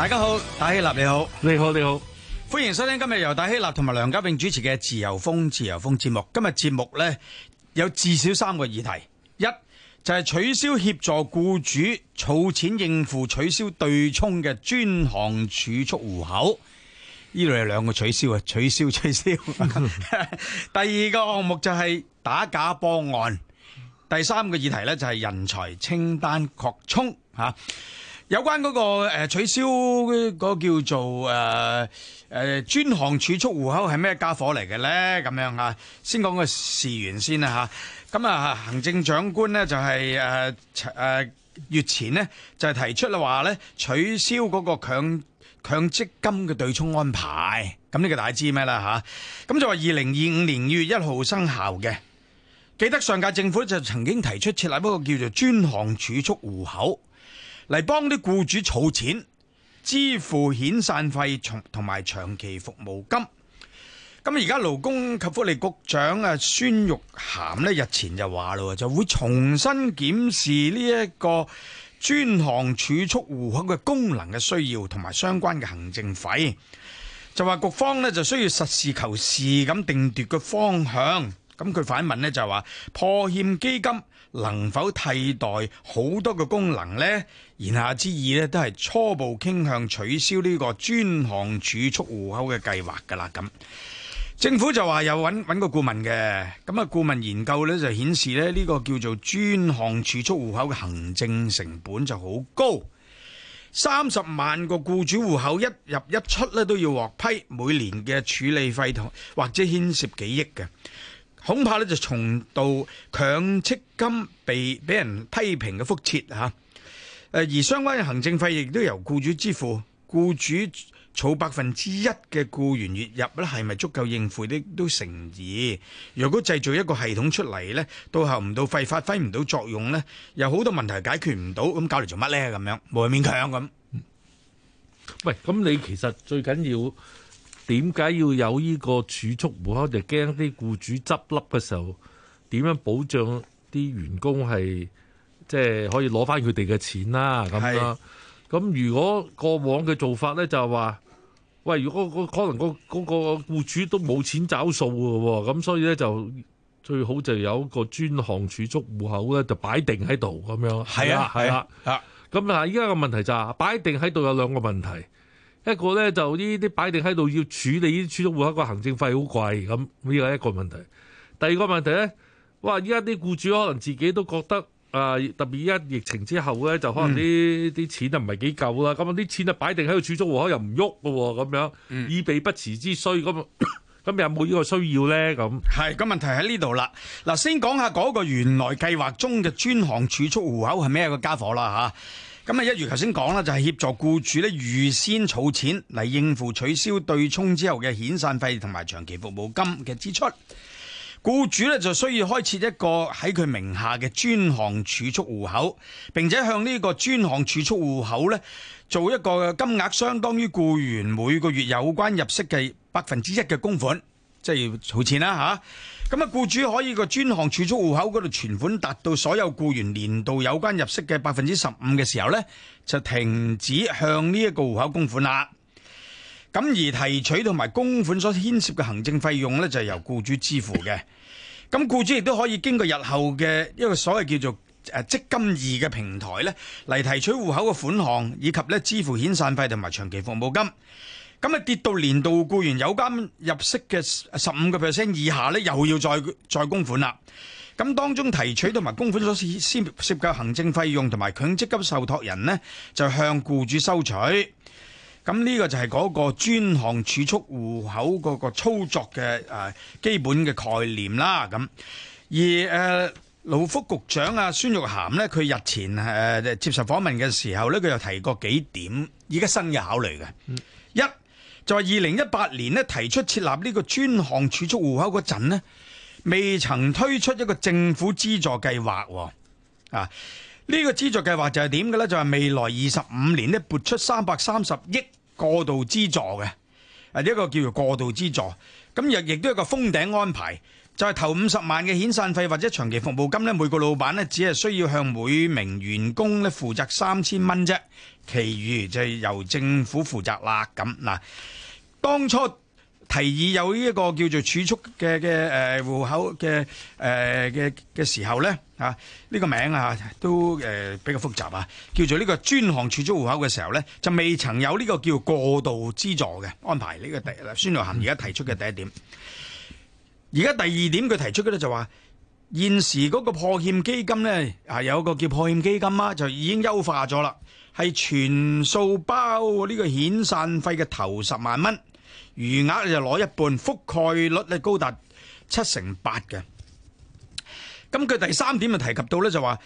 大家好，大希臘你好，你好你好，歡迎收聽今日由大希臘同埋梁家榮主持嘅《自由風自由風》節目。今日節目呢，有至少三個議題，一就係、是、取消協助僱主儲錢應付取消對沖嘅專項儲蓄戶口，呢度有兩個取消啊，取消取消。 第二個項目就係打假波案，第三個議題呢，就係人才清單擴充吓。有關嗰個誒取消嗰叫做誒誒專項儲蓄戶口係咩家伙嚟嘅咧？咁樣吓、啊，先講個事源先啦、啊、吓。咁啊，行政長官呢就係誒誒月前呢就係提出喇話咧，取消嗰個強強積金嘅對沖安排。咁呢個大家知咩啦吓？咁、啊、就話二零二五年二月一號生效嘅。記得上屆政府就曾經提出設立嗰個叫做專項儲蓄戶口嚟幫啲僱主儲錢支付遣散費，同同埋長期服務金。咁而家勞工及福利局長啊，孫玉菡咧日前就話咯，就會重新檢視呢一個專項儲蓄戶口嘅功能嘅需要同埋相關嘅行政費，就話局方呢就需要實事求是咁定奪個方向。咁佢反問呢就話破欠基金能否替代好多嘅功能呢？言下之意呢，都係初步傾向取消呢個專項儲蓄戶口嘅計劃噶啦。咁政府就話有揾，揾個顧問嘅咁啊，顧問研究呢就顯示呢，呢個叫做專項儲蓄戶口嘅行政成本就好高，三十萬個僱主戶口一入一出呢，都要獲批，每年嘅處理費同或者牽涉幾億嘅。恐怕咧就重蹈強積金被俾人批評嘅覆轍嚇，誒、啊、而相關嘅行政費亦都由僱主支付，僱主儲百分之一嘅僱員月入咧係咪足夠應付呢？都成疑。如果製造一個系統出嚟咧，都效唔到，後不到費，費發揮唔到作用咧，有好多問題解決唔到，咁搞嚟做乜咧？咁樣冇謂勉強咁。喂，咁你其實最緊要。點解要有呢個儲蓄戶口？就驚、係、啲僱主執笠嘅時候，點樣保障啲員工係即係可以攞翻佢哋嘅錢啦？咁樣咁如果過往嘅做法咧，就係、係、話喂，如果個可能、嗰個嗰、嗰個僱主都冇錢找數嘅喎，咁所以咧就最好就有一個專項儲蓄戶口咧，就擺定喺度咁樣。係啊，啊，啊，係啊，係啊！咁嗱，依家嘅問題就係、係、擺定喺度，有兩個問題。一個咧就呢啲擺定喺度要處理呢啲儲蓄戶口嘅行政費好貴咁，呢個一個問題。第二個問題咧，哇！依家啲僱主可能自己都覺得啊、呃，特別依家疫情之後咧，就可能啲啲錢啊唔係幾夠啦。咁、嗯、啲錢就擺定喺度儲蓄戶口又唔喐嘅，咁樣、嗯、以備不時之需。咁咁 有冇呢個需要咧？咁係。咁問題喺呢度啦。嗱，先講下嗰個原來計劃中嘅專項儲蓄戶口係咩個家伙啦吓。啊咁啊，一如頭先講啦，就係、是、協助僱主咧預先儲錢嚟應付取消對沖之後嘅遣散費同埋長期服務金嘅支出。僱主咧就需要開設一個喺佢名下嘅專項儲蓄戶口，並且向呢個專項儲蓄戶口咧做一個金額相當於僱員每個月有關入息嘅百分之一嘅供款，即係儲錢啦吓。咁啊，僱主可以個專項儲蓄戶口嗰度存款達到所有僱員年度有關入息嘅百分之十五嘅時候咧，就停止向呢一個戶口供款啦。咁而提取同埋供款所牽涉嘅行政費用咧，就係由僱主支付嘅。咁僱主亦都可以經過日後嘅一個所謂叫做誒積金二嘅平台咧，嚟提取戶口嘅款項，以及咧支付遣散費同埋長期服務金。咁啊，跌到年度僱員有監入息嘅十五個 percent 以下呢，又要再再供款啦。咁當中提取同埋供款所涉涉及行政費用同埋強積金受託人呢，就向僱主收取。咁呢個就係嗰個專項儲蓄戶口嗰個操作嘅誒基本嘅概念啦。咁而誒勞、呃、福局長啊孫玉菡呢，佢日前誒、呃、接受訪問嘅時候呢，佢又提過幾點而家新嘅考慮嘅、嗯、一。在二零一八年咧，提出設立呢個專項儲蓄戶口嗰陣呢，未曾推出一個政府資助計劃。啊，呢、這個資助計劃就係點嘅呢？就係、是、未來二十五年咧，撥出三百三十億過度資助嘅，啊呢、這個叫做過度資助。咁亦亦都有一個封頂安排，就係、是、頭五十萬嘅遣散費或者長期服務金咧，每個老闆咧只係需要向每名員工咧負責三千蚊啫。其餘就係由政府負責啦。咁嗱，當初提議有呢一個叫做儲蓄嘅嘅誒戶口嘅誒嘅嘅時候咧，啊呢個名啊都誒比較複雜啊，叫做呢個專項儲蓄戶口嘅時候咧，就未曾有呢個叫過渡資助嘅安排。呢個第啦，孫玉菡而家提出嘅第一點，而家第二點佢提出嘅咧就話。現時嗰個破欠基金呢，啊，有個叫破欠基金啦，就已經優化咗啦，係全數包呢個遣散費嘅頭十萬蚊，餘額就攞一半，覆蓋率咧高達七成八嘅。咁佢第三點就提及到呢，就話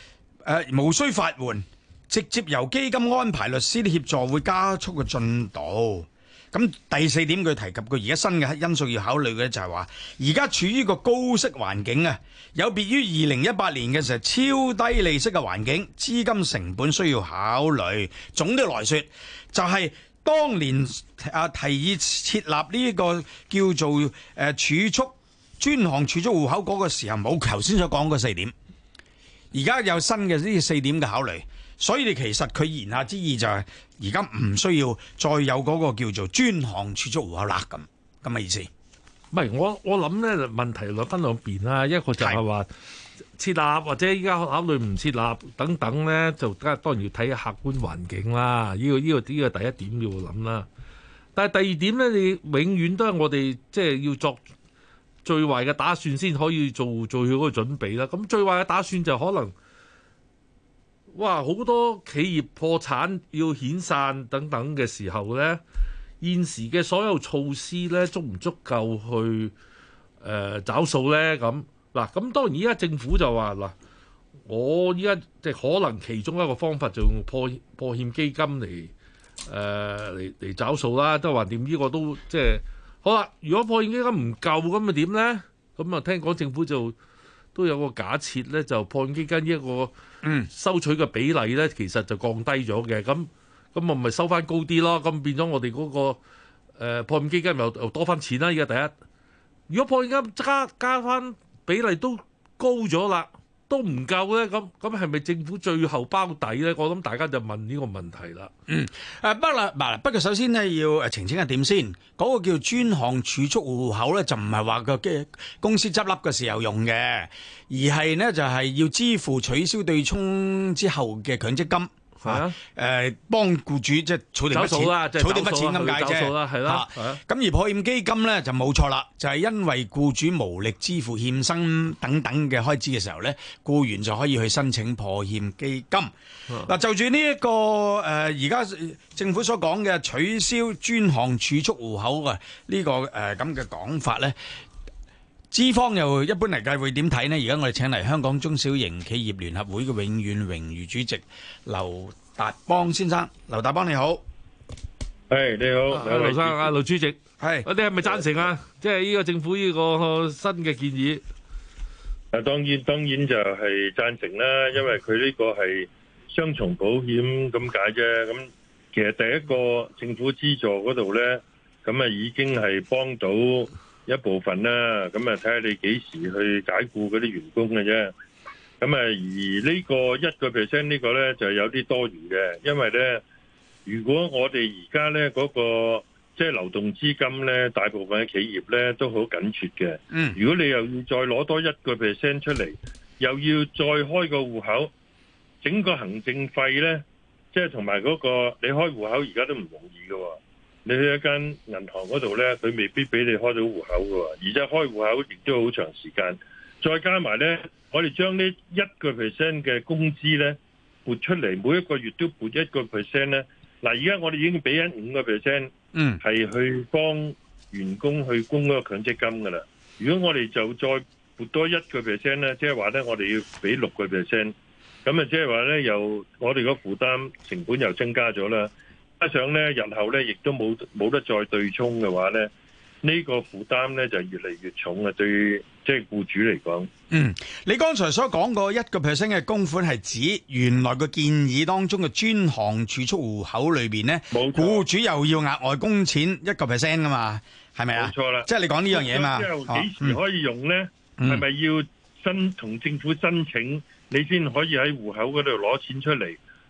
誒無需法援，直接由基金安排律師協助，會加速個進度。咁第四點，佢提及佢而家新嘅因素要考慮嘅就係話而家處於個高息環境啊，有別於二零一八年嘅時候超低利息嘅環境，資金成本需要考慮。總的來説，就係、是、當年啊提議設立呢個叫做誒儲蓄專項儲蓄戶口嗰個時候，冇頭先所講嗰四點，而家有新嘅呢四點嘅考慮，所以你其實佢言下之意就係、是。而家唔需要再有嗰個叫做專項儲蓄戶口啦，咁咁嘅意思。唔係我我諗咧，問題兩分兩邊啦。一個就係話設立或者依家考慮唔設立等等咧，就梗係當然要睇客觀環境啦。呢個呢個呢個第一點要諗啦。但係第二點咧，你永遠都係我哋即係要作最壞嘅打算先可以做最好嗰個準備啦。咁最壞嘅打算就可能。哇！好多企業破產要遣散等等嘅時候呢，現時嘅所有措施呢，足唔足夠去誒找數呢？咁嗱，咁當然依家政府就話嗱，我依家即可能其中一個方法就用破破欠基金嚟誒嚟找數啦。都話點呢個都即係好啦。如果破欠基金唔夠咁咪點呢？咁啊聽講政府就都有個假設呢，就破欠基金一個。嗯，收取嘅比例咧，其實就降低咗嘅，咁咁我咪收翻高啲咯，咁變咗我哋嗰個破欠基金又又多翻錢啦，依家第一，如果破欠金加加翻比例都高咗啦。都唔夠咧，咁咁係咪政府最後包底咧？我諗大家就問呢個問題啦。嗯，誒不啦，嗱，不過首先呢，要誒澄清一點先，嗰個叫專項儲蓄戶口咧就唔係話個嘅公司執笠嘅時候用嘅，而係呢，就係要支付取消對沖之後嘅強積金。係啊，誒，幫僱主即係儲定筆錢，走數啦，即係儲定筆錢咁解啫。係咯，咁而破欠基金咧就冇錯啦，就係因為僱主無力支付欠薪等等嘅開支嘅時候咧，僱員就可以去申請破欠基金。嗱，就住呢一個誒，而家政府所講嘅取消專項儲蓄戶口啊，呢個誒咁嘅講法咧。資方又一般嚟計會點睇呢？而家我哋請嚟香港中小型企業聯合會嘅永遠榮譽主席劉達邦先生，劉達邦你好。誒你好，劉生啊，劉主席，係，你係咪贊成啊？即係呢個政府呢個新嘅建議。啊當然當然就係贊成啦，因為佢呢個係雙重保險咁解啫。咁其實第一個政府資助嗰度呢，咁啊已經係幫到。一部分啦，咁啊睇下你幾時去解雇嗰啲員工嘅啫。咁啊，而呢個一個 percent 呢個咧就係有啲多餘嘅，因為咧，如果我哋而家咧嗰個即係流動資金咧，大部分嘅企業咧都好緊缺嘅。嗯，如果你又要再攞多一個 percent 出嚟，又要再開個戶口，整個行政費咧，即係同埋嗰個你開戶口而家都唔容易嘅喎。你去一間銀行嗰度咧，佢未必俾你開到戶口㗎，而且開戶口亦都好長時間。再加埋咧，我哋將呢一個 percent 嘅工資咧撥出嚟，每一個月都撥一個 percent 咧。嗱，而家我哋已經俾緊五個 percent，嗯，係去幫員工去供嗰個強積金㗎喇。如果我哋就再撥多一個 percent 咧，即係話咧，我哋要俾六個 percent，咁啊，即係話咧，又我哋個負擔成本又增加咗啦。加上咧，日後咧，亦都冇冇得再對沖嘅話咧，呢個負擔咧就越嚟越重啊！對，即係僱主嚟講。嗯，你剛才所講個一個 percent 嘅供款係指原來個建議當中嘅專項儲蓄戶口裏邊咧，冇僱主又要額外供錢一個 percent 啊嘛？係咪啊？冇錯啦，即係你講呢樣嘢嘛。即係幾時可以用咧？係、啊、咪、嗯、要申同政府申請，嗯、你先可以喺戶口嗰度攞錢出嚟？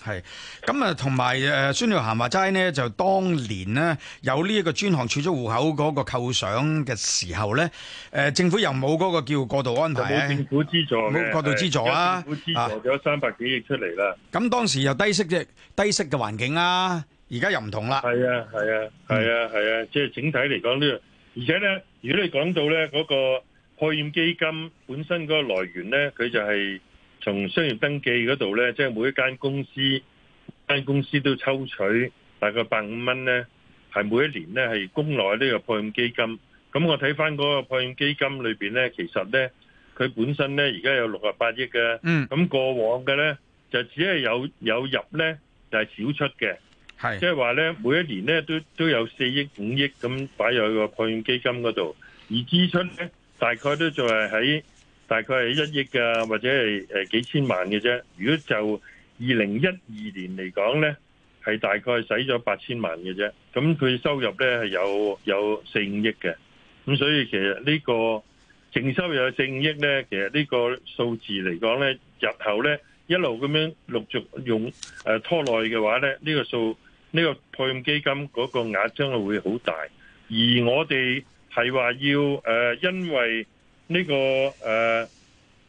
係，咁啊，同埋誒，孫玉菡話齋呢就當年呢有呢一個專項儲蓄戶口嗰個構想嘅時候咧，誒、呃，政府又冇嗰個叫過度安排咧、啊，冇政府資助，冇、啊、過度資助啊，政府資助咗三百幾億出嚟啦。咁、啊、當時又低息啫，低息嘅環境啦，而家又唔同啦。係啊，係啊，係啊，係啊，即係、啊啊啊就是、整體嚟講呢，而且咧，如果你講到咧嗰、那個破欠基金本身嗰個來源咧，佢就係、是。從商業登記嗰度咧，即係每一間公司，間公司都抽取大概百五蚊咧，係每一年咧係供落呢內這個破欠基金。咁我睇翻嗰個破欠基金裏邊咧，其實咧，佢本身咧而家有六十八億嘅，咁、嗯、過往嘅咧就只係有有入咧就係、是、少出嘅，即係話咧每一年咧都都有四億五億咁擺入去個破欠基金嗰度，而支出咧大概都就係喺。大概係一億噶，或者係誒幾千萬嘅啫。如果就二零一二年嚟講呢，係大概使咗八千萬嘅啫。咁佢收入呢，係有有四五億嘅。咁所以其實呢個淨收入有四五億呢，其實呢個數字嚟講呢，日後呢一路咁樣陸續用誒拖累嘅話呢，呢個數呢個配案基金嗰個額將會會好大。而我哋係話要誒、呃，因為呢、這個誒、啊、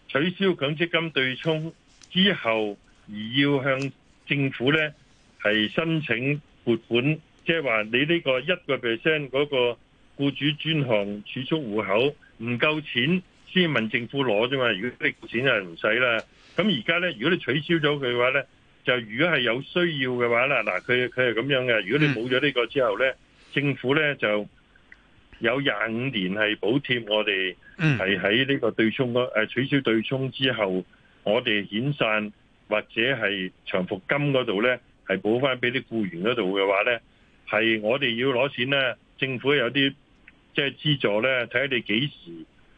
取消強積金對沖之後，而要向政府呢係申請撥款，即係話你呢個一個 percent 嗰個僱主專項儲蓄戶口唔夠錢，先問政府攞啫嘛。如果你夠錢就唔使啦。咁而家呢，如果你取消咗佢嘅話呢，就如果係有需要嘅話啦，嗱佢佢係咁樣嘅。如果你冇咗呢個之後呢，政府呢就有廿五年係補貼我哋。係喺呢個對沖嗰取消對沖之後，我哋遣散或者係長服金嗰度咧，係補翻俾啲僱員嗰度嘅話咧，係我哋要攞錢咧，政府有啲即係資助咧，睇下你幾時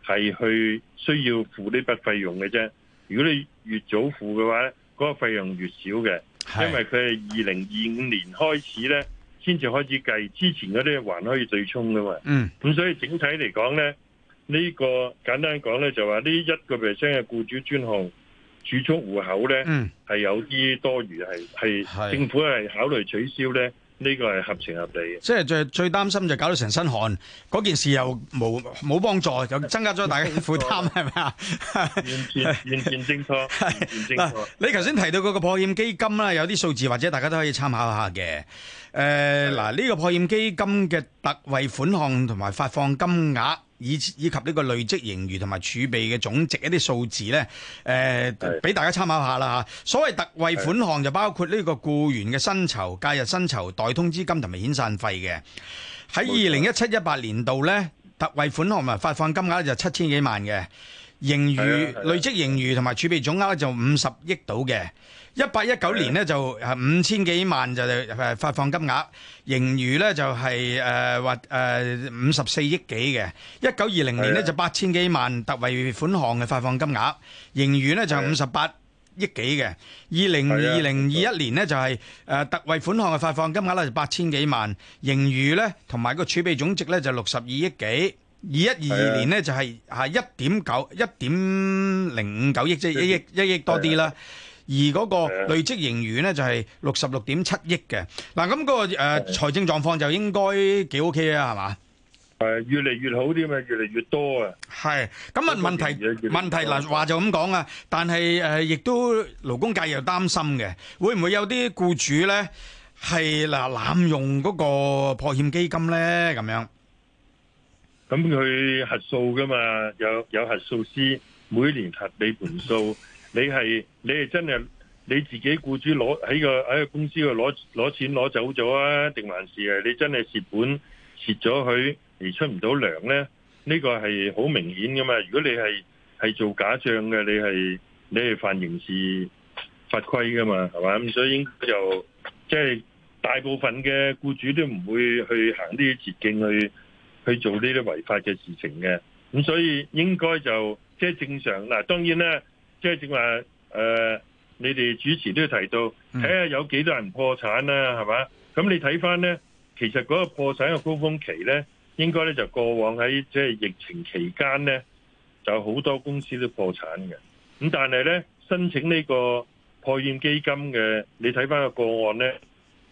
係去需要付呢筆費用嘅啫。如果你越早付嘅話咧，嗰個費用越少嘅，因為佢係二零二五年開始咧先至開始計，之前嗰啲還可以對沖噶嘛。嗯，咁所以整體嚟講咧。呢個簡單講咧，就話呢一個 percent 嘅僱主專項儲蓄戶口咧，係有啲多餘，係係政府係考慮取消咧，呢個係合情合理嘅。即係最最擔心就搞到成身汗，嗰件事又冇冇幫助，又增加咗大家負擔，係咪啊？完全完全正確。你頭先提到嗰個破欠基金啦，有啲數字或者大家都可以參考下嘅。誒，嗱，呢個破欠基金嘅特惠款項同埋發放金額。以以及呢個累積盈餘同埋儲備嘅總值的一啲數字呢，誒、呃、俾大家參考一下啦嚇。所謂特惠款項就包括呢個僱員嘅薪酬的、假日薪酬、代通資金同埋遣散費嘅。喺二零一七一八年度呢，特惠款項物發放金額就七千幾萬嘅，盈餘的的累積盈餘同埋儲備總額就五十億到嘅。一八一九年呢就五千幾萬就誒發放金額，盈餘呢就係誒或誒五十四億幾嘅。一九二零年呢就八千幾萬特惠款項嘅發放金額，盈餘呢就五十八億幾嘅。二零二零二一年呢就係誒特惠款項嘅發放金額呢就八千幾萬，盈餘呢同埋個儲備總值呢就六十二億幾。二一二二年呢就係係一點九一點零五九億，即係一億一億多啲啦。而嗰個累積盈餘咧就係六十六點七億嘅，嗱咁個誒財政狀況就應該幾 OK 啊，係嘛？誒越嚟越好啲嘛，越嚟越多啊！係咁啊，問題問題嗱話就咁講啊，但係誒亦都勞工界又擔心嘅，會唔會有啲僱主咧係嗱濫用嗰個破欠基金咧咁樣？咁佢核數噶嘛，有有核數師每年核你盤數。你係你係真係你自己雇主攞喺個喺個公司度攞攞錢攞走咗啊？定還是係你真係蝕本蝕咗佢而出唔到糧咧？呢、這個係好明顯噶嘛！如果你係係做假賬嘅，你係你係犯刑事法規噶嘛，係嘛？咁所以應該就即係、就是、大部分嘅僱主都唔會去行呢啲捷徑去去做呢啲違法嘅事情嘅。咁所以應該就即係、就是、正常嗱，當然咧。即係正話你哋主持都提到睇下有幾多人破產啦、啊，係嘛？咁你睇翻咧，其實嗰個破產嘅高峰期咧，應該咧就過往喺即係疫情期間咧，就好多公司都破產嘅。咁但係咧，申請呢個破欠基金嘅，你睇翻個個案咧，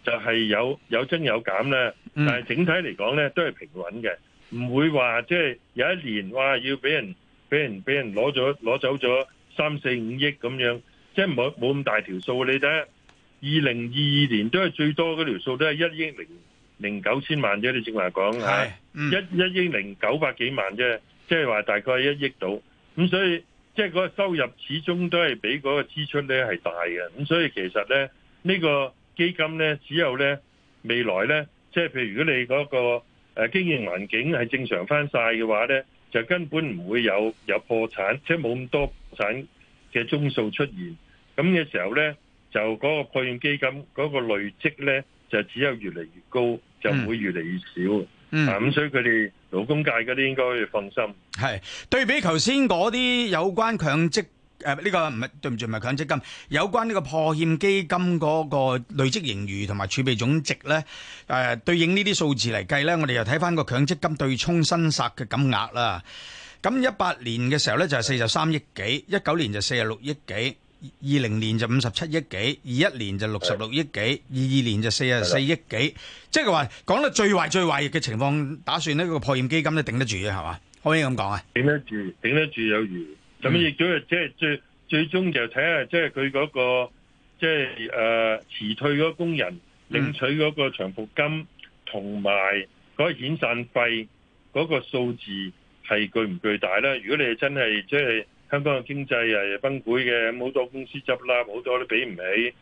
就係、是、有有增有減啦。但係整體嚟講咧都係平穩嘅，唔會話即係有一年話要俾人俾人俾人攞咗攞走咗。三四五億咁樣，即係冇冇咁大條數。你睇二零二二年都係最多嗰條數，都係一億零零九千萬啫。你正話講吓，一一億零九百幾萬啫，即係話大概一億度。咁所以即係嗰個收入始終都係比嗰個支出咧係大嘅。咁所以其實咧，呢個基金咧只有咧未來咧，即係譬如如果你嗰個呃經營環境係正常返曬嘅話咧，就根本唔會有有破產，即係冇咁多破產嘅宗數出現，咁嘅時候咧，就嗰個破欠基金嗰個累積咧，就只有越嚟越高，就唔會越嚟越少。嗯，咁、啊、所以佢哋勞工界嗰啲應該要放心。係對比頭先嗰啲有關強積。誒，呢個唔係，對唔住，唔係強積金有關呢個破欠基金嗰個累積盈餘同埋儲備總值咧？誒，對應呢啲數字嚟計咧，我哋又睇翻個強積金對沖新設嘅金額啦。咁一八年嘅時候咧就係四十三億幾，一九年就四十六億幾，二零年就五十七億幾，二一年就六十六億幾，二二年就四十四億幾。即係話講得最壞最壞嘅情況，打算呢個破欠基金都頂得住嘅係嘛？可唔可以咁講啊？頂得住，頂得住有餘。咁亦都係即係最最終就睇下、呃，即係佢嗰個即係誒辭退嗰工人領取嗰個長服金同埋嗰個遣散費嗰個數字係巨唔巨大咧？如果你係真係即係香港嘅經濟係崩潰嘅，咁好多公司執笠，好多都俾唔起，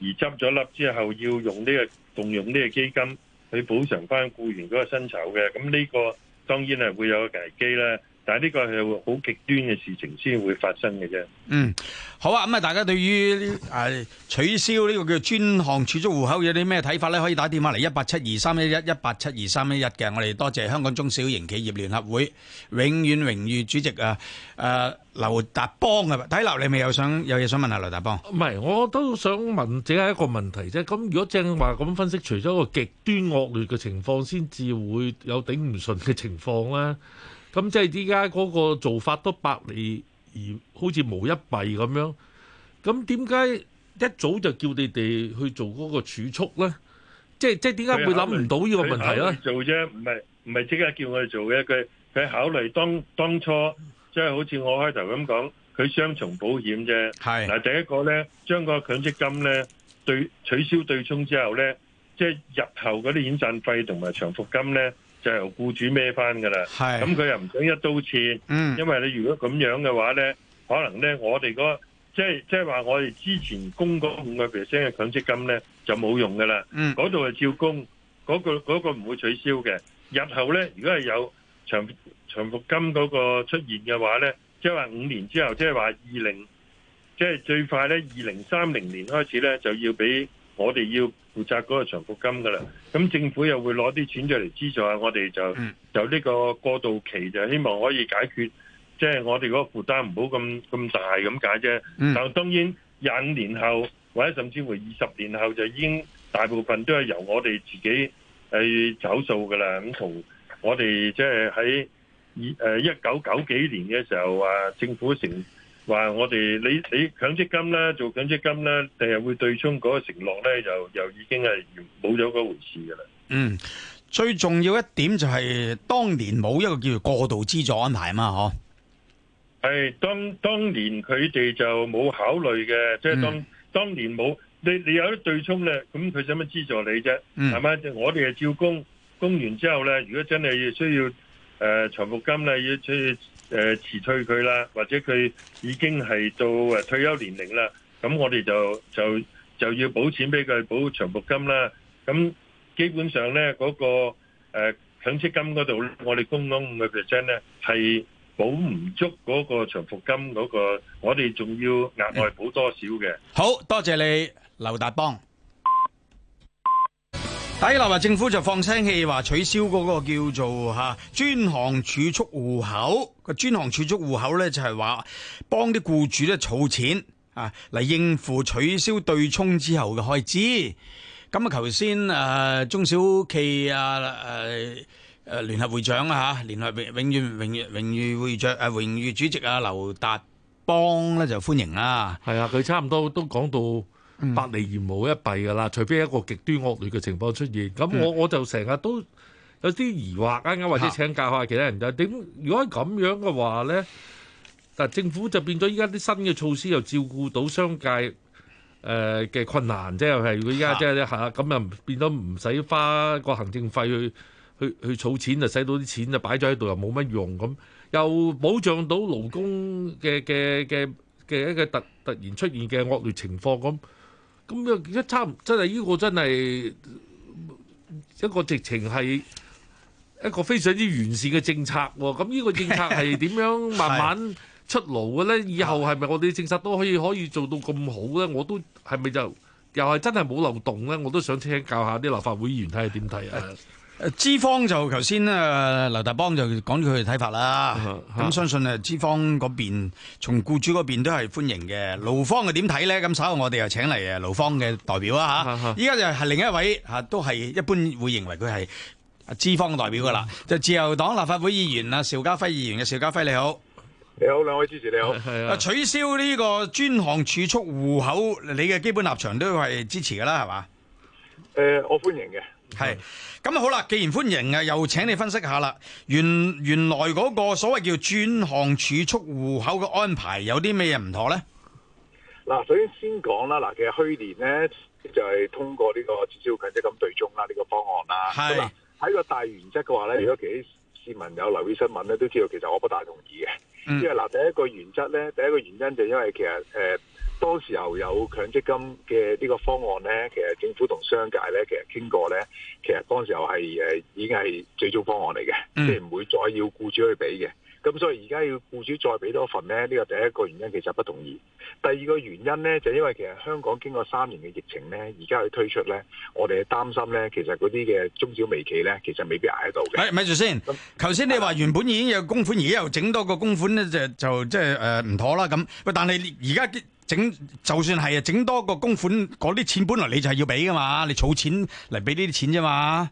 而執咗笠之後要用呢、呢個動用呢個基金去補償翻雇員嗰個薪酬嘅，咁呢個當然係會有個危機啦。但係呢個係好極端嘅事情，先會發生嘅啫。嗯，好啊。咁、嗯、啊，大家對於誒、啊、取消呢個叫專項儲蓄戶口有啲咩睇法咧？可以打電話嚟一八七二三一一一八七二三一一嘅。我哋多謝香港中小型企業聯合會永遠榮譽主席啊誒劉達邦啊。睇、啊、嚟，你咪有想有嘢想問下劉達邦？唔係，我都想問，只係一個問題啫。咁如果正話咁分析，除咗一個極端惡劣嘅情況，先至會有頂唔順嘅情況咧。咁即係依家嗰個做法都百利而好似無一弊咁樣，咁點解一早就叫你哋去做嗰個儲蓄咧？即係即係點解會諗唔到呢個問題咧？做啫，唔係唔係即刻叫我去做嘅，佢佢考慮當當初即係、就是、好似我開頭咁講，佢雙重保險啫。係嗱，第一個咧，將個強積金咧取消對沖之後咧，即係日後嗰啲遣散費同埋長服金咧。就由僱主孭翻噶啦，咁佢又唔想一刀切、嗯，因為你如果咁樣嘅話咧，可能咧我哋嗰即係即係話我哋之前供嗰五個 percent 嘅強積金咧就冇用噶啦，嗰度係照供，嗰個嗰個唔會取消嘅。日後咧，如果係有長長服金嗰個出現嘅話咧，即係話五年之後，即係話二零，即係最快咧二零三零年開始咧就要俾，我哋要負責嗰個強積金噶啦，咁政府又會攞啲錢再嚟資助下，我哋就就呢個過渡期就希望可以解決，即係我哋嗰個負擔唔好咁咁大咁解啫。但當然廿五年後，或者甚至乎二十年後，就已經大部分都係由我哋自己去找數噶啦。咁同我哋即係喺二誒一九九幾年嘅時候話，政府成，話我哋你你強積金咧做強積金咧，第日會對沖嗰個承諾咧，就又，又已經係冇咗嗰回事噶啦。嗯，最重要一點就係、是、當年冇一個叫做過渡資助安排啊嘛，嗬、啊。係當當年佢哋就冇考慮嘅、嗯，即係當當年冇你你有得對沖咧，咁佢使乜資助你啫？係、嗯、咪？我哋係照供，供完之後咧，如果真係要需要誒財務、呃、金咧、要、呃誒、呃、辭退佢啦，或者佢已經係到退休年齡啦，咁我哋就就就要補錢俾佢補長服金啦。咁基本上咧，嗰、那個誒強積金嗰度，我哋公攤五個 percent 咧，係補唔足嗰個長服金嗰、那個，我哋仲要額外補多少嘅。好多謝你，劉達邦。睇下話政府就放聲氣話取消嗰個叫做吓、啊、專項儲蓄戶口，個、啊、專項儲蓄戶口咧就係、是、話幫啲雇主咧儲錢啊嚟應付取消對沖之後嘅開支。咁啊，頭先誒中小企啊誒誒、啊啊、聯合會長啊吓，聯合永遠榮譽榮譽會長誒榮譽主席啊劉、啊啊、達邦咧就歡迎啊，係啊，佢差唔多都講到。百利而無一弊噶啦，除非一個極端惡劣嘅情況出現。咁我、嗯、我就成日都有啲疑惑啊，或者請教下其他人。點。如果咁樣嘅話咧，嗱政府就變咗依家啲新嘅措施又照顧到商界誒嘅困難，即係如果依家即係咧嚇咁又變咗唔使花個行政費去去去儲錢就使到啲錢就擺咗喺度又冇乜用咁，又保障到勞工嘅嘅嘅嘅一個突突然出現嘅惡劣情況咁。咁又一差唔多，真係呢個真係一個直情係一個非常之完善嘅政策喎。咁呢個政策係點樣慢慢出爐嘅呢？以後係咪我哋政策都可以可以做到咁好呢？我都係咪就又係真係冇漏洞呢？我都想請教一下啲立法會議員睇下點睇啊！誒，資方就頭先啊，劉達邦就講咗佢嘅睇法啦。咁相信誒，資方嗰邊從僱主嗰邊都係歡迎嘅。勞方又點睇咧？咁稍後我哋又請嚟誒勞方嘅代表啦。吓。依家就係另一位吓，都係一般會認為佢係啊資方嘅代表噶啦。就自由黨立法會議員啊，邵家輝議員嘅邵家輝，你好，你好，兩位主持你好。啊，取消呢個專項儲蓄戶口，你嘅基本立場都係支持噶啦，係嘛？誒、呃，我歡迎嘅。係，咁好啦，既然歡迎啊，又請你分析下啦。原原來嗰個所謂叫專項儲蓄戶口嘅安排，有啲咩嘢唔妥咧？嗱，首先先講啦，嗱，其實去年咧就係通過呢個取消強積金對沖啦，呢個方案啦。係。喺個大原則嘅話咧，如果其實市民有留意新聞咧，都知道其實我不大同意嘅，即係嗱，第一個原則咧，第一個原因就因為其實，誒。呃多時候有強積金嘅呢個方案咧，其實政府同商界咧，其實傾過咧，其實當時候係誒已經係最終方案嚟嘅。嗯，即係唔會再要僱主去俾嘅。咁所以而家要僱主再俾多份咧，呢、呢個第一個原因其實不同意。第二個原因咧，就因為其實香港經過三年嘅疫情咧，而家去推出咧，我哋係擔心咧，其實嗰啲嘅中小微企咧，其實未必捱得到嘅。咪住先，頭、嗯、先你話原本已經有公款，而家又整多個公款咧，就就即係誒唔妥啦咁。喂，但係而家啲。整就算係啊，整多個供款嗰啲錢本來你就係要俾噶嘛，你儲錢嚟俾呢啲錢啫嘛。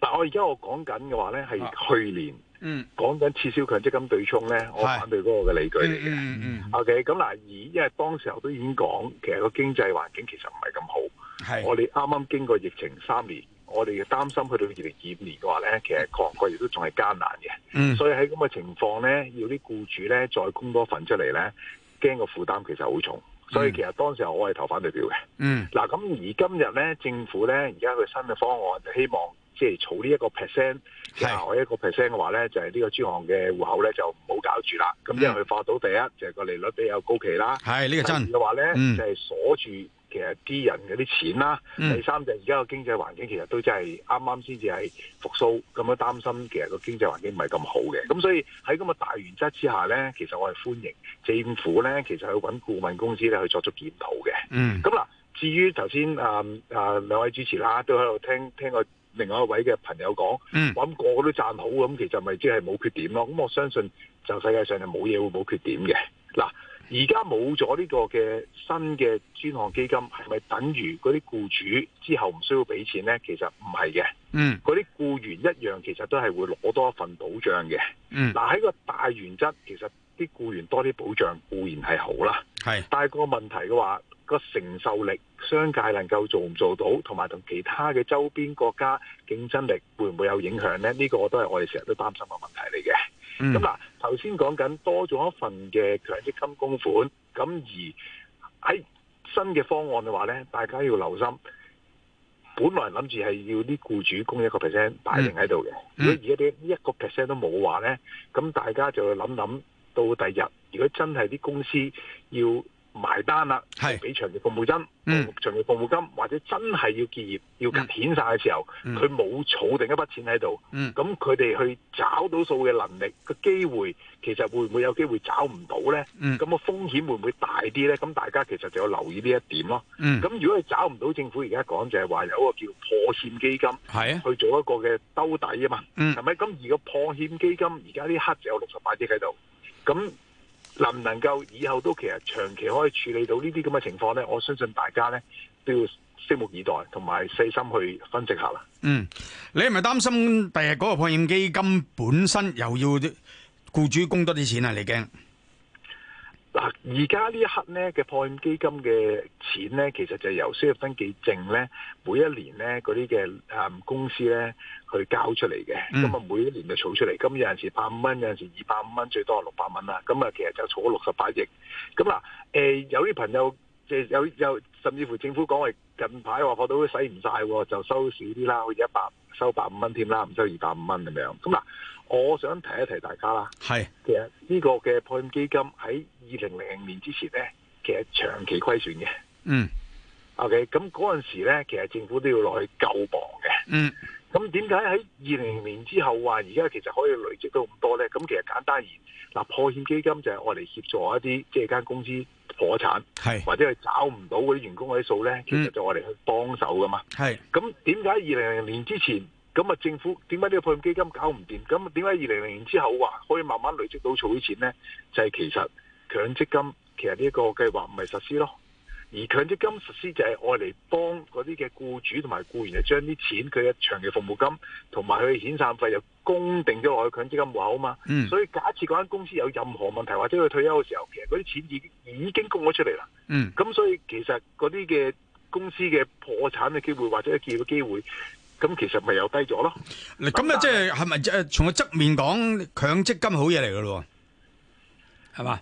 但我而家我講緊嘅話咧，係去年，啊、嗯，講緊取消強積金對沖咧，我反對嗰個嘅理據嚟嘅。嗯 OK，咁嗱，而因為當時候都已經講，其實個經濟環境其實唔係咁好。係我哋啱啱經過疫情三年，我哋擔心去到二零二五年嘅話咧，其實各行各業都仲係艱難嘅、嗯。所以喺咁嘅情況咧，要啲僱主咧再供多份出嚟咧。驚個負擔其實好重，所以其實當時我係投反對票嘅。嗯，嗱咁而今日咧，政府咧而家佢新嘅方案，希望即係儲呢一個 percent，嗱我一個 percent 嘅話咧，就係、是、呢個專項嘅戶口咧就唔好搞住啦。咁、嗯、因為佢發到第一就係個、是、利率比較高期啦。係呢、這個真嘅話咧，就係、是、鎖住。其實啲人嗰啲錢啦，第三就而家個經濟環境其實都真係啱啱先至係復甦，咁樣擔心其實個經濟環境唔係咁好嘅。咁所以喺咁嘅大原則之下咧，其實我係歡迎政府咧，其實去揾顧問公司咧去作出檢討嘅。嗯，咁、啊、嗱，至於頭先啊啊兩位主持啦，都喺度聽聽過另外一位嘅朋友講，我諗個個都讚好咁，其實咪即係冇缺點咯。咁我相信就世界上就冇嘢會冇缺點嘅嗱。而家冇咗呢個嘅新嘅專項基金，係咪等於嗰啲僱主之後唔需要俾錢咧？其實唔係嘅。嗯，嗰啲僱員一樣，其實都係會攞多一份保障嘅。嗯，嗱、啊、喺個大原則，其實啲僱員多啲保障固然係好啦。係，但係個問題嘅話，個承受力，商界能夠做唔做到，同埋同其他嘅周邊國家競爭力會唔會有影響咧？呢個都係我哋成日都擔心嘅問題嚟嘅。咁嗱，頭先講緊多咗一份嘅強積金供款，咁而喺新嘅方案嘅話咧，大家要留心。本來諗住係要啲僱主供一個 percent 擺定喺度嘅，如果而家啲一個 percent 都冇話咧，咁大家就要諗諗到第日，如果真係啲公司要埋單啦，係俾長期服務、嗯、務金，長期服務金或者真係要結業，要遣散嘅時候，佢、嗯、冇儲定一筆錢喺度，咁佢哋去找到數嘅能力嘅機會，其實會唔會有機會找唔到咧？咁、嗯、個風險會唔會大啲咧？咁大家其實就要留意呢一點咯。咁、嗯、如果係找唔到，政府而家講就係話有一個叫破欠基金，係啊，去做一個嘅兜底啊嘛，係、嗯、咪？咁而個破欠基金而家呢刻就有六十八億喺度，咁。能唔能夠以後都其實長期可以處理到呢啲咁嘅情況咧？我相信大家咧都要拭目以待，同埋細心去分析下啦。嗯，你係咪擔心第日嗰個破險基金本身又要僱主供多啲錢啊？你驚？嗱，而家呢一刻咧嘅破險基金嘅錢咧，其實就由收入登記證咧，每一年咧嗰啲嘅啊公司咧去交出嚟嘅，咁啊每一年就儲出嚟，咁有陣時百五蚊，有陣時二百五蚊，最多係六百蚊啦，咁、嗯、啊其實就儲咗六十八億。咁、嗯、嗱，誒、呃、有啲朋友即係有有甚至乎政府講係近排話破到使唔晒，就收少啲啦，好似一百收百五蚊添啦，唔收二百五蚊咁樣。咁、嗯、嗱。嗯我想提一提大家啦，係，其實呢個嘅破欠基金喺二零零零年之前咧，其實長期虧損嘅。嗯，OK，咁嗰陣時咧，其實政府都要落去救磅嘅。嗯，咁點解喺二零零零年之後話而家其實可以累積到咁多咧？咁其實簡單而言，破欠基金就係我哋協助一啲即係間公司破產，係或者係找唔到嗰啲員工嗰啲數咧、嗯，其實就我哋去幫手噶嘛。係，咁點解二零零零年之前？咁啊，政府點解呢個配案基金搞唔掂？咁啊，點解二零零年之後話可以慢慢累積到儲啲錢呢？就係、是、其實強積金其實呢個計劃唔係實施咯，而強積金實施就係愛嚟幫嗰啲嘅僱主同埋僱員就，就將啲錢佢嘅長期服務金同埋佢嘅遣散費就供定咗落去強積金戶口啊嘛。Mm. 所以假設嗰間公司有任何問題或者佢退休嘅時候，其實嗰啲錢已已經供咗出嚟啦。咁、mm. 所以其實嗰啲嘅公司嘅破產嘅機會或者企業嘅機會。咁其實咪又低咗咯？嗱，咁啊，即係係咪？誒，從個側面講，強積金好嘢嚟嘅咯，係嘛？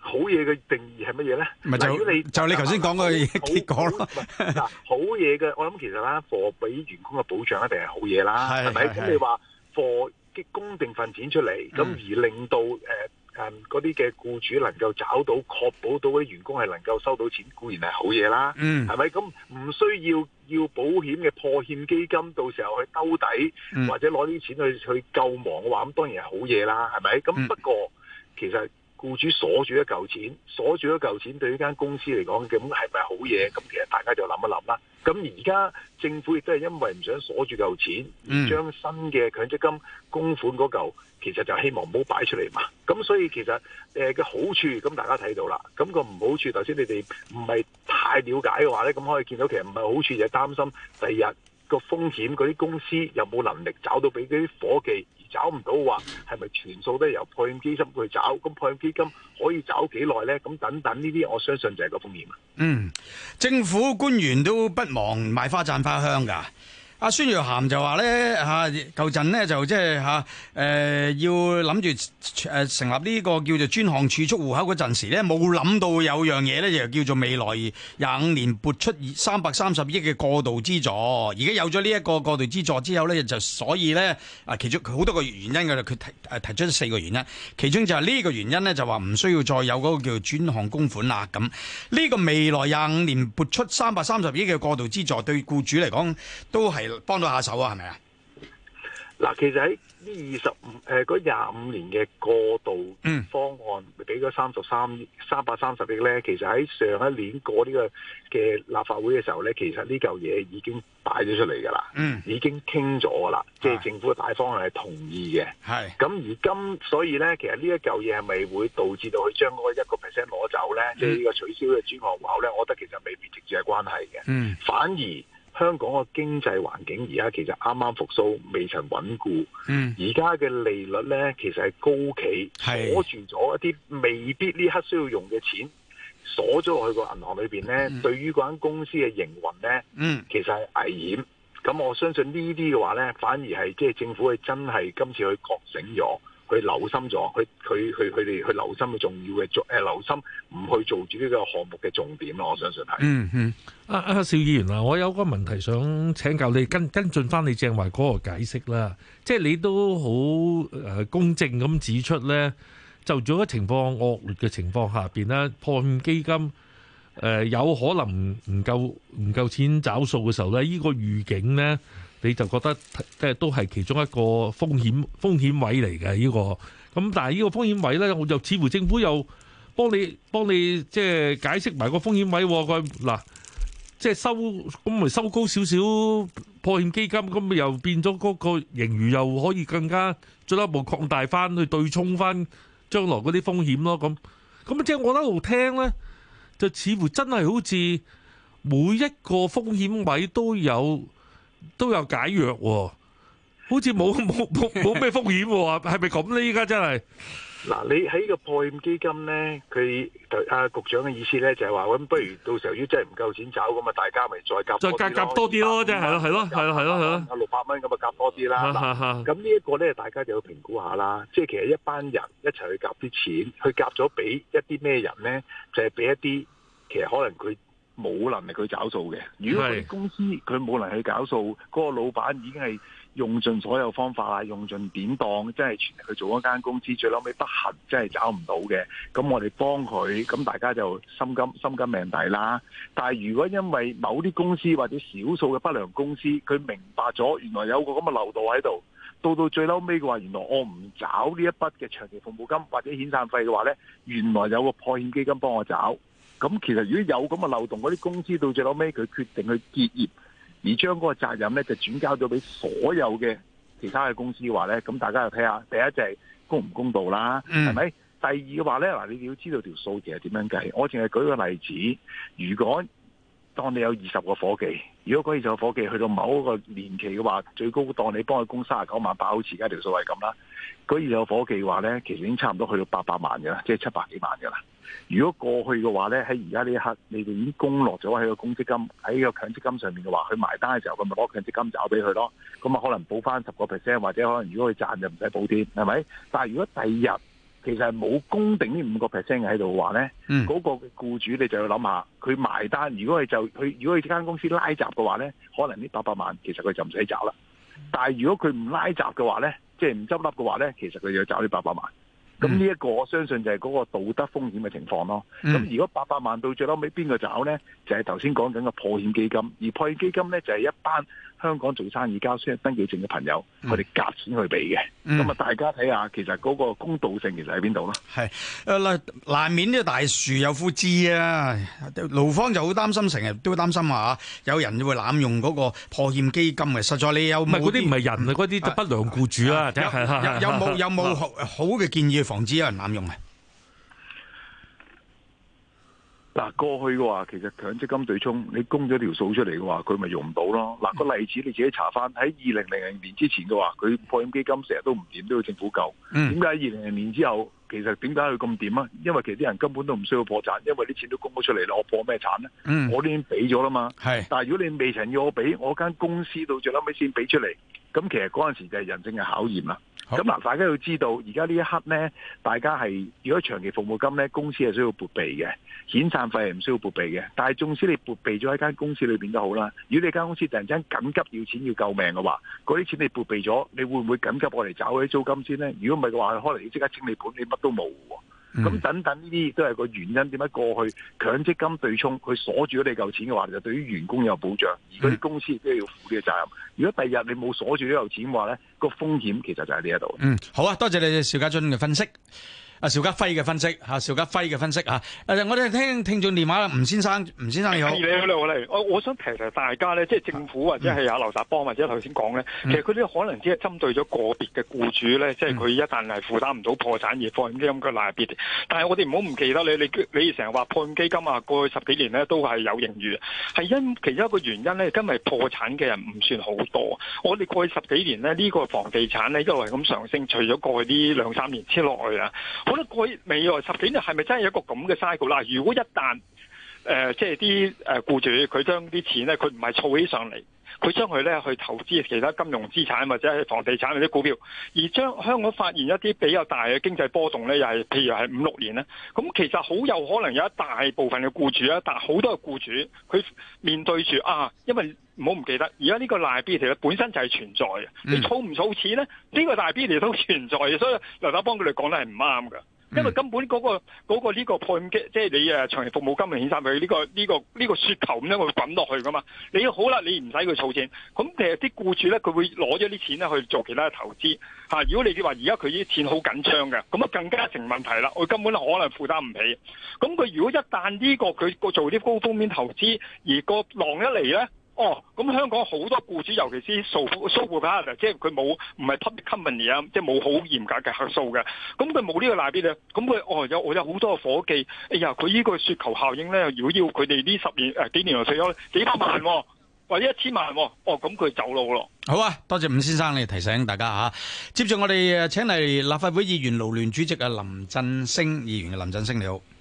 好嘢嘅定義係乜嘢咧？咪就如果你就你頭先講嘅結果咯。嗱，好嘢嘅， 我諗其實啦，貨俾員工嘅保障一定係好嘢啦，係咪？咁你話貨嘅供定份錢出嚟，咁、嗯、而令到誒。呃誒嗰啲嘅僱主能夠找到確保到啲員工係能夠收到錢，固然係好嘢啦。嗯，係咪？咁唔需要要保險嘅破欠基金，到時候去兜底，嗯、或者攞啲錢去去救亡嘅話，咁當然係好嘢啦。係咪？咁不過、嗯、其實。僱主鎖住了一嚿錢，鎖住了一嚿錢對於呢間公司嚟講咁係咪好嘢？咁其實大家就諗一諗啦。咁而家政府亦都係因為唔想鎖住嚿錢，將新嘅強積金供款嗰嚿，其實就希望唔好擺出嚟嘛。咁所以其實誒嘅、呃、好處，咁大家睇到啦。咁、那個唔好處，頭先你哋唔係太了解嘅話咧，咁可以見到其實唔係好處，就係、是、擔心第二日個風險，嗰啲公司有冇能力找到俾嗰啲伙計。搞唔到嘅話，係咪全數都由破產基金去搞？咁破產基金可以搞幾耐咧？咁等等呢啲，我相信就係個風險啊！嗯，政府官員都不忘賣花讚花香噶。阿孫玉菡就話咧吓，舊陣咧就即係吓，誒、啊呃、要諗住誒成立呢個叫做專項儲蓄戶口嗰陣時咧，冇諗到有樣嘢咧，就叫做未來廿五年撥出三百三十億嘅過渡資助。而家有咗呢一個過渡資助之後咧，就所以咧啊，其中好多個原因嘅啦，佢提誒、啊、提出咗四個原因，其中就係呢個原因咧，就話唔需要再有嗰個叫專項供款啦。咁呢、呢個未來廿五年撥出三百三十億嘅過渡資助，對雇主嚟講都係。幫到下手啊，係咪啊？嗱，其實喺呢二十五誒嗰廿五年嘅過渡方案，俾咗三十三三百三十億咧。其實喺上一年過呢個嘅立法會嘅時候咧，其實呢嚿嘢已經擺咗出嚟噶啦，嗯，已經傾咗啦，即係、就是、政府嘅大方案係同意嘅，係。咁而今所以咧，其實呢一嚿嘢係咪會導致到佢將嗰一個 percent 攞走咧？即係呢個取消嘅專項戶口咧，我覺得其實未必直接嘅關係嘅，嗯，反而。香港嘅經濟環境而家其實啱啱復甦，未曾穩固。嗯，而家嘅利率咧，其實係高企，鎖住咗一啲未必呢刻需要用嘅錢，鎖咗落去個銀行裏邊咧。對於嗰間公司嘅營運咧，嗯，其實係危險。咁我相信呢啲嘅話咧，反而係即係政府係真係今次去覺醒咗。佢留心咗，佢佢佢佢哋去留心嘅重要嘅重，誒留心唔去做自己嘅項目嘅重點咯。我相信係。嗯嗯，阿阿邵議員啊，我有個問題想請教你，跟跟進翻你鄭華嗰個解釋啦。即係你都好誒公正咁指出咧，就咗一情況惡劣嘅情況下邊咧，破欠基金誒有可能唔夠唔夠錢找數嘅時候咧，呢個預警咧。你就覺得即係都係其中一個風險風險位嚟嘅呢個，咁但係呢個風險位呢，我就似乎政府又幫你幫你即係解釋埋個風險位。佢，嗱，即係收咁咪收高少少破險基金，咁咪又變咗嗰個盈餘又可以更加進一步擴大翻去對沖翻將來嗰啲風險咯。咁咁即係我一路聽呢，就似乎真係好似每一個風險位都有。都有解約喎、哦，好似冇冇冇咩風險喎、哦，係咪咁咧？依家真係嗱、啊，你喺個破欠基金咧，佢阿、啊、局長嘅意思咧就係、是、話，咁不如到時候要真係唔夠錢走咁啊，大家咪再夾再夾夾多啲咯，即係係咯係咯係咯係咯，六百蚊咁啊，夾多啲啦。咁、啊啊啊、呢一個咧，大家就要評估一下啦。即係其實一班人一齊去夾啲錢，去夾咗俾一啲咩人咧，就係、是、俾一啲其實可能佢。冇能力去找數嘅，如果佢公司佢冇能力去搞數，嗰個老闆已經係用盡所有方法，用盡典當，真係全力去做嗰間公司，最嬲尾不幸，真係找唔到嘅。咁我哋幫佢，咁大家就心甘心甘命抵啦。但係如果因為某啲公司或者少數嘅不良公司，佢明白咗原來有個咁嘅漏洞喺度，到到最嬲尾嘅話，原來我唔找呢一筆嘅長期服務金或者遣散費嘅話呢，原來有個破欠基金幫我找。咁其實如果有咁嘅漏洞，嗰啲公司到最後尾，佢決定去結業，而將嗰個責任咧就轉交咗俾所有嘅其他嘅公司話，話咧，咁大家又睇下第一就係公唔公道啦，係咪？Mm. 第二嘅話咧，嗱你要知道條數字係點樣計，我淨係舉個例子，如果。當你有二十個伙計，如果嗰二十個夥計去到某一個年期嘅話，最高當你幫佢供三十九萬八歐遲，好似一條數係咁啦。嗰二十個夥計嘅話咧，其實已經差唔多去到八百萬嘅啦，即係七百幾萬嘅啦。如果過去嘅話咧，喺而家呢一刻，你哋已經供落咗喺個公積金喺個強積金上面嘅話，佢埋單嘅時候，佢咪攞強積金找俾佢咯。咁啊，可能補翻十個 percent，或者可能如果佢賺就唔使補添，係咪？但係如果第二日，其實係冇供定呢五，嗯個 percent 喺度話咧，嗰個僱主你就要諗下，佢埋單。如果佢就佢，如果佢間公司拉閘嘅話咧，可能呢八百萬其實佢就唔使找啦。但係如果佢唔拉閘嘅話咧，即係唔執笠嘅話咧，其實佢就要找呢八百萬。咁呢一個我相信就係嗰個道德風險嘅情況咯。咁如果八百萬到最尾邊個找咧，就係頭先講緊個破欠基金，而破欠基金咧就係一班。香港做生意交商登記證嘅朋友，佢哋夾錢去俾嘅。咁啊，大家睇下，其實嗰個公道性其實喺邊度咯？係難難免呢個大樹有枯枝啊！勞方就好擔心，成日都擔心話有人會濫用嗰個破欠基金嘅。實在你又唔係嗰啲唔係人啊，嗰啲不良僱主啊，有冇有冇好嘅建議防止有人濫用啊？嗱，過去嘅話，其實強積金對沖，你供咗條數出嚟嘅話，佢咪用唔到咯。嗱、那，個例子你自己查翻，喺二零零零年之前嘅話，佢破險基金成日都唔掂都要政府救。點解二零零年之後，其實點解佢咁掂啊？因為其實啲人根本都唔需要破產，因為啲錢都供咗出嚟啦。我破咩產咧、嗯？我都已經俾咗啦嘛。係。但如果你未曾要我俾，我間公司到最撚尾先俾出嚟，咁其實嗰陣時就係人性嘅考驗啦。咁嗱，大家要知道，而家呢一刻呢，大家係如果長期服務金呢，公司係需要撥備嘅，遣散費係唔需要撥備嘅。但係縱使你撥備咗喺間公司裏面都好啦，如果你間公司突然之間緊急要錢要救命嘅話，嗰啲錢你撥備咗，你會唔會緊急過嚟找嗰啲租金先呢？如果唔係嘅話，佢可能你即刻清理本，你乜都冇喎。咁、嗯、等等呢啲都係個原因。點解過去強積金對沖佢鎖住咗你嚿錢嘅話，就對於員工有保障；而嗰啲公司亦都要負呢個責任。如果第二日你冇鎖住呢嚿錢嘅話咧，個風險其實就喺呢一度。嗯，好啊，多謝你邵家輝嘅分析。阿邵家輝嘅分析，嚇邵家輝嘅分析，啊、我哋聽聽眾電話，吳先生，吳先生你好。你好，你好，我嚟。我想提提大家咧，即係政府或者係阿劉達邦或者頭先講咧，其實佢哋可能只係針對咗個別嘅僱主咧、嗯，即係佢一旦係負擔唔到破產而放棄啲咁佢難別。但係我哋唔好唔記得你你成日話破產基金啊，金過去十幾年咧都係有盈餘，係因其中一個原因咧，今日破產嘅人唔算好多。我哋過去十幾年咧，呢、呢個房地產咧一路係咁上升，除咗過去呢兩三年之內啊。我覺得過未來十幾年係咪真係有一個咁嘅 cycle 啦？如果一旦，誒、呃，即係啲誒僱主，佢將啲錢咧，佢唔係儲起上嚟，佢將佢咧去投資其他金融資產或者係房地產或者嗰啲股票，而將香港發現一啲比較大嘅經濟波動咧，又係譬如係五六年咧，咁其實好有可能有一大部分嘅僱主啊，但好多嘅僱主佢面對住啊，因為唔好唔記得，而家呢個大 b i 本身就係存在嘅，你儲唔儲錢咧，呢、這個大 b i 都存在嘅，所以劉達邦佢哋講得係唔啱㗎。嗯、因為根本嗰、那個嗰、那個呢、這個破音機，即、就、係、是、你誒長期服務金嚟遣散費呢個呢、這個呢、這個雪球咁樣會滾落去噶嘛？你要好啦，你唔使佢儲錢，咁其實啲雇主咧，佢會攞咗啲錢咧去做其他投資吓、啊。如果你話而家佢啲錢好緊張嘅，咁啊更加成問題啦。佢根本可能負擔唔起。咁佢如果一旦呢、這個佢個做啲高風險投資，而個浪一嚟咧？哦，咁、嗯、香港好多僱主，尤其是掃掃貨即係佢冇，唔係 public company 啊，即係冇好嚴格嘅核數嘅，咁佢冇呢個賴邊啊，咁、嗯、佢哦有我有好多伙計，哎呀，佢呢個雪球效應咧，如果要佢哋呢十年誒幾年內退休，幾百萬、哦、或者一千萬哦，哦咁佢、嗯嗯、走佬咯。好啊，多謝伍先生你提醒大家嚇、啊。接住我哋誒請嚟立法會議員勞聯主席嘅林振昇議員嘅林振昇，林振昇你好。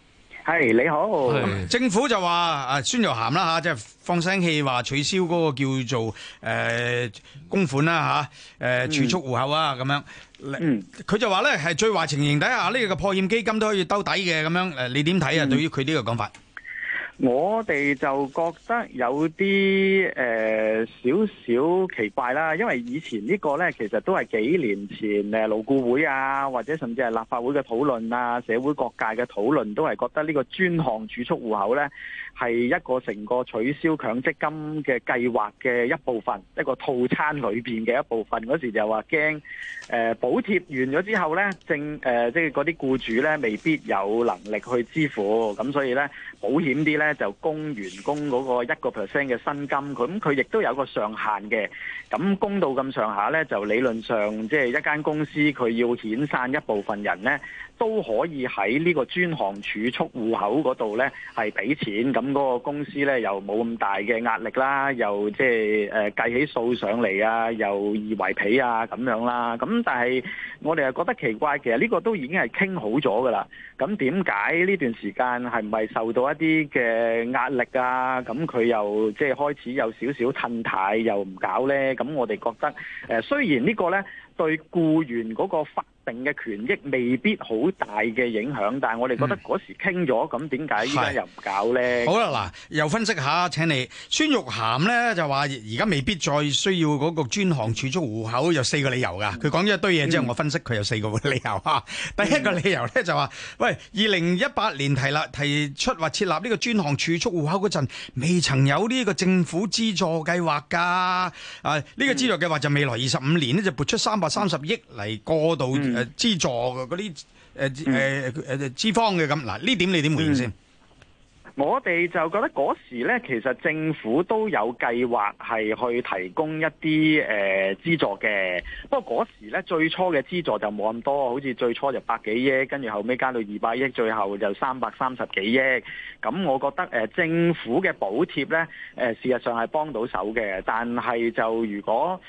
係你好是，政府就話啊孫玉菡啦吓，即係、啊就是、放聲氣話取消嗰個叫做誒、呃、公款啦吓，誒、啊、儲、啊、蓄戶口啊咁樣，佢、嗯、就話咧係最壞情形底下呢、這個破欠基金都可以兜底嘅咁樣，誒你點睇啊？嗯、對於佢呢個講法？我哋就覺得有啲誒少少奇怪啦，因為以前呢個呢，其實都係幾年前誒勞顧會啊，或者甚至係立法會嘅討論啊，社會各界嘅討論都係覺得呢個專項儲蓄戶口呢，係一個成個取消強積金嘅計劃嘅一部分，一個套餐裏邊嘅一部分。嗰時就話驚誒補貼完咗之後呢，正誒即係嗰啲僱主呢，未必有能力去支付，咁所以呢。保險啲咧就供員工嗰個一個 percent 嘅薪金，佢咁佢亦都有個上限嘅，咁供到咁上下咧就理論上即係、就是、一間公司佢要遣散一部分人咧。都可以喺呢個專項儲蓄戶口嗰度咧，係俾錢，咁嗰個公司咧又冇咁大嘅壓力啦，又即係誒計起數上嚟啊，又易為皮啊咁樣啦。咁但係我哋又覺得奇怪，其實呢個都已經係傾好咗噶啦。咁點解呢段時間係唔係受到一啲嘅壓力啊？咁佢又即係開始有少少褪態，又唔搞咧？咁我哋覺得誒，雖然呢個咧對僱員嗰個發定嘅權益未必好大嘅影響，但係我哋覺得嗰時傾咗，咁點解依家又唔搞呢？好啦，嗱，又分析一下。請你孫玉菡呢，就話，而家未必再需要嗰個專項儲蓄戶口有四個理由㗎。佢講咗一堆嘢之後，我分析佢有四個理由嚇、嗯。第一個理由呢，就話，喂，二零一八年提啦，提出或設立呢個專項儲蓄戶口嗰陣，未曾有呢個政府資助計劃㗎。啊，呢、呢個資助計劃就未來二十五年呢，就撥出三百三十億嚟過渡、嗯。誒資助嘅嗰啲誒誒誒資方嘅咁嗱呢點你點回應先？我哋就覺得嗰時咧，其實政府都有計劃係去提供一啲誒資助嘅。不過嗰時咧，最初嘅資助就冇咁多，好似最初就百幾億，跟住後尾加到二百億，最後就三百三十幾億。咁我覺得誒、呃、政府嘅補貼咧，誒、呃、事實上係幫到手嘅，但係就如果。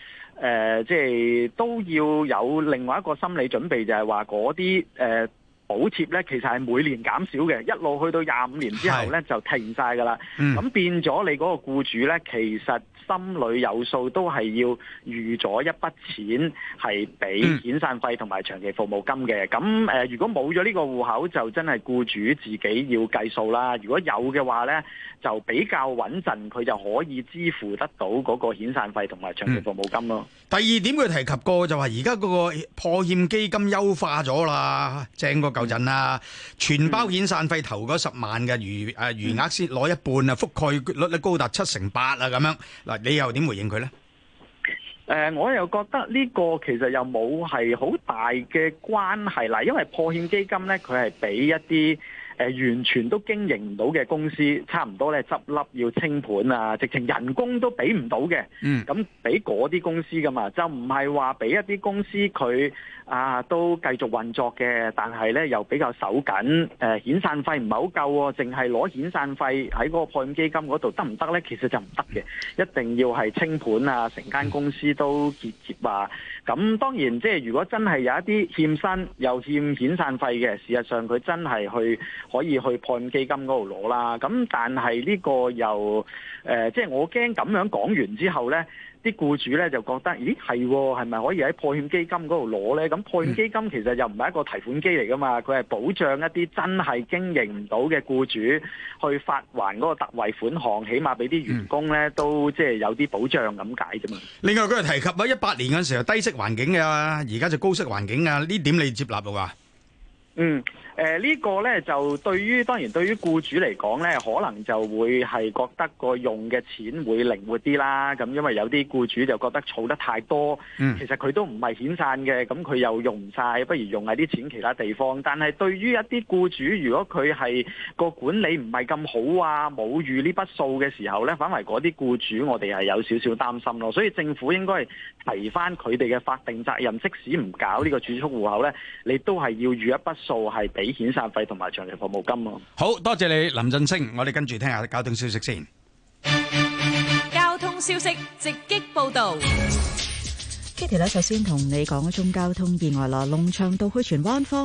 誒、呃，即係都要有另外一個心理準備，就係話嗰啲誒。呃補貼咧，其實係每年減少嘅，一路去到廿五年之後咧就停晒㗎啦。咁、嗯、變咗你嗰個僱主咧，其實心裏有數，都係要預咗一筆錢係俾遣散費同埋長期服務金嘅。咁、嗯、誒，那如果冇咗呢個戶口，就真係僱主自己要計數啦。如果有嘅話咧，就比較穩陣，佢就可以支付得到嗰個遣散費同埋長期服務金咯、嗯。第二點佢提及過就係而家嗰個破欠基金優化咗啦，正個。夠陣啦！全包遣散費頭嗰十萬嘅餘誒餘額先攞一半啊，覆蓋率咧高達七成八啊，咁樣嗱，你又點回應佢咧？誒、呃，我又覺得呢個其實又冇係好大嘅關係啦，因為破欠基金咧，佢係俾一啲誒、呃、完全都經營唔到嘅公司，差唔多咧執笠要清盤啊，直情人工都俾唔到嘅，嗯，咁俾嗰啲公司噶嘛，就唔係話俾一啲公司佢。啊，都繼續運作嘅，但係呢又比較守緊，誒、呃、遣散費唔係好夠喎、哦，淨係攞遣散費喺個個破欠基金嗰度得唔得呢？其實就唔得嘅，一定要係清盤啊，成間公司都結業啊。咁當然，即係如果真係有一啲欠薪又欠遣散費嘅，事實上佢真係去可以去破欠基金嗰度攞啦。咁但係呢個又誒、呃，即係我驚咁樣講完之後呢。啲僱主咧就覺得，咦係喎，係咪可以喺破欠基金嗰度攞咧？咁破欠基金其實又唔係一個提款機嚟噶嘛，佢係保障一啲真係經營唔到嘅僱主去發還嗰個特惠款項，起碼俾啲員工咧都即係有啲保障咁解啫嘛。另外佢係提及啊，一八年嗰時候低息環境啊，而家就高息環境啊，呢點你接納到㗎？嗯。誒、這、呢個呢，就對於當然對於僱主嚟講呢，可能就會係覺得個用嘅錢會靈活啲啦。咁因為有啲僱主就覺得儲得太多，其實佢都唔係遣散嘅，咁佢又用唔晒，不如用喺啲錢其他地方。但係對於一啲僱主，如果佢係個管理唔係咁好啊，冇預呢筆數嘅時候呢，反為嗰啲僱主，我哋係有少少擔心咯。所以政府應該係提翻佢哋嘅法定責任，即使唔搞呢個儲蓄戶口呢，你都係要預一筆數係俾。遣散費同埋長期服務金咯，好多謝你林振昇，我哋跟住聽下交通消息先。交通消息直擊報道，Kitty 咧，首先同你講一宗交通意外啦，龍翔道去荃灣方。